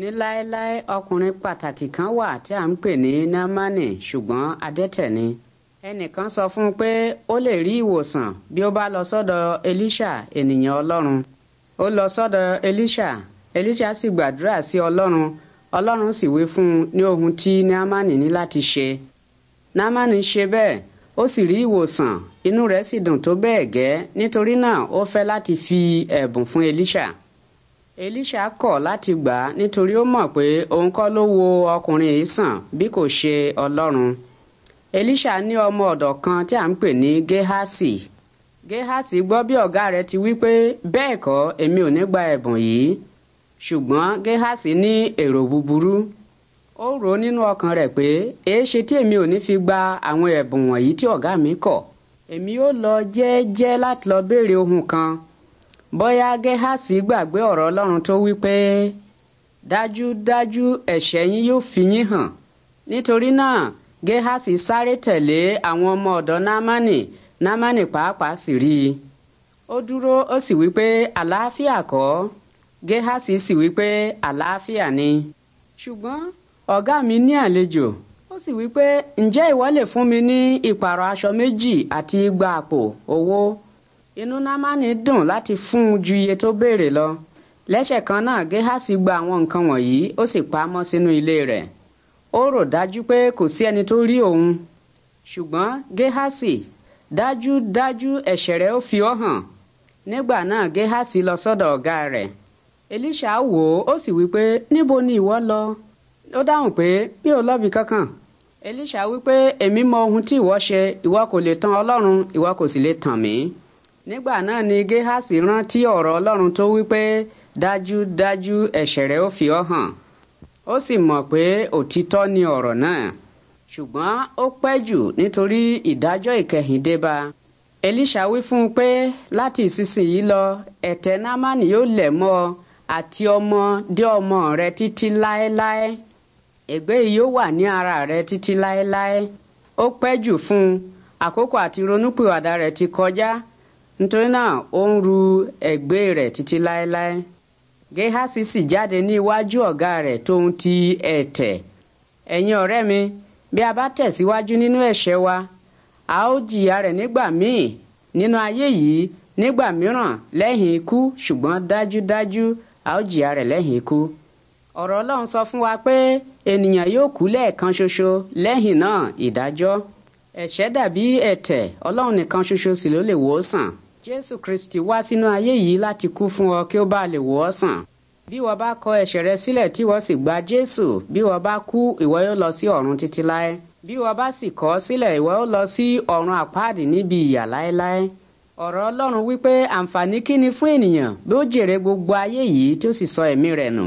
ní láéláé ọkùnrin pàtàkì kan wà tí à ń pè ní námánì ṣùgbọ́n adẹ́tẹ̀ ni ẹnìkan sọ fún un pé ó lè rí ìwòsàn bí ó bá lọ sọ́dọ̀ elisha ènìyàn ọlọ́run ó lọ sọ́dọ̀ elisha elisha sì gbàdúrà sí ọlọ́run ọlọ́run sì wí fún un ní ohun tí námánì ní láti ṣe námánì ṣe bẹ́ẹ̀ ó sì rí ìwòsàn inú rẹ̀ sì dùn tó bẹ́ẹ̀ gẹ́ nítorí náà ó fẹ́ láti fi ẹ̀bùn fún elisha elisha kọ̀ láti gbà á nítorí ó mọ̀ pé òun kọ́ ló wo ọkùnrin yìí sàn bí kò ṣe ọlọ́run elisha ní ọmọ ọ̀dọ̀ kan tí à ń pè ní gehasi gehasi gbọ́ bí ọ̀gá rẹ̀ ti wí pé bẹ́ẹ̀ kọ́ èmi ò ní gba ẹ̀bùn yìí ṣùgbọ́n gehasi ní èrò búburú ó rò ó nínú ọkàn rẹ̀ pé èéṣe tí èmi ò ní fi gba àwọn ẹ̀bùn wọ̀nyí tí ọ̀gá mi kọ̀ èmi ó lọ jẹ́ẹ́jẹ́ láti lọ béèrè ohun kan bóyá Géhásì gbàgbé ọ̀rọ̀ Ọlọ́run tó wí pé dájúdájú ẹ̀ṣẹ̀ yín yóò fi yín hàn nítorí náà Géhásì sáré tẹ̀lé àwọn ọmọ ọ̀dọ̀ Námánì Námánì pàápàá sì rí i ó dúró ó sì wí pé àlàáfíà kọ́ Géhásì sì wí pé àlàáfíà ni ṣùgbọ́n ọ̀gá mi ní àlejò ó sì wí pé ǹjẹ́ ìwọ lè fún mi ní ìpààrọ̀ aṣọ méjì àti igba àpò owó inú námánì dùn láti fún un ju iye tó béèrè lọ lẹ́sẹ̀ kan náà géhásì gba àwọn nǹkan wọ̀nyí ó sì pa á mọ́ sínú ilé rẹ̀ ó rò dájú pé kò sí ẹni tó rí òun ṣùgbọ́n géhásì dájúdájú ẹ̀ṣẹ̀ rẹ̀ ó fi ọ́ hàn nígbà náà géhásì lọ sọ́dọ̀ ọ̀gá rẹ̀ elisha wò ó ó sì wí pé níbo ni ìwọ lọ ó dáhùn pé mi ò lọ́bi kankan elisha wí pé èmi mọ ohun tí ìwọ ṣe ìwọ kò lè tan ọlọ́run ìwọ kò sì lè tàn mí nígbà náà ni géhásì rántí ọ̀rọ̀ ọlọ́run tó wí pé dájúdájú ẹ̀ṣẹ̀ rẹ̀ ó fi ọ́ hàn ó sì mọ̀ pé òtítọ́ ni ọ̀rọ̀ náà ṣùgbọ́n ó pẹ́ jù nítorí ìdájọ́ ìkẹyìn elisha wí fún un pé láti ìsinsìnyí lọ ẹ̀tẹ̀ námánì yóò lẹ̀ mọ́ ọ àti ọmọ dé ọmọ rẹ títí láéláé ègbé yìí yóò wà ní ara rẹ títí láéláé ó pẹ́ jù fún un àkókò àti ronúpìwàdà rẹ̀ ti kọjá nítorí náà ó ń ru ẹ̀gbẹ́ rẹ̀ títí láéláé gehasi sì jáde ní iwájú ọ̀gá rẹ̀ tó ń ti ẹ̀tẹ̀ ẹ̀yin ọ̀rẹ́ mi bí a bá tẹ̀síwájú nínú ẹ̀ṣẹ̀ wa a ó jìyà rẹ̀ nígbà míì nínú ayé yìí nígbà mìíràn lẹ́yìn ikú ṣùgbọ́n dájúdájú a ó jìyà rẹ̀ lẹ́yìn ikú ọ̀rọ̀ ọlọ́run sọ fún wa pé ènìyàn yóò kú lẹ́ẹ̀kan ṣoṣo lẹ́yìn náà ìdájọ́ ẹ̀ṣẹ̀ dàbí ẹ̀tẹ̀ ọlọ́run nìkan ṣoṣo sì ló lè wò ó sàn jésù kristi wá sínú ayé yìí láti kú fún ọ kí ó bá lè wò ọ́ sàn bí wọ́n bá kọ ẹ̀ṣẹ̀ rẹ sílẹ̀ tí wọ́n sì gba jésù bí wọ́n bá kú ìwọ yóò lọ sí ọ̀run títí láé bí wọ́n bá sì kọ̀ sílẹ̀ ìwọ yóò lọ sí ọ̀run àpáàdì níbi ìyà láéláé ọ̀rọ̀ ọlọ́run wípé àǹfààní kíni fún ènìyàn bí ó jèrè gbogbo ayé yìí tí sì sọ ẹ̀mí rẹ̀ nù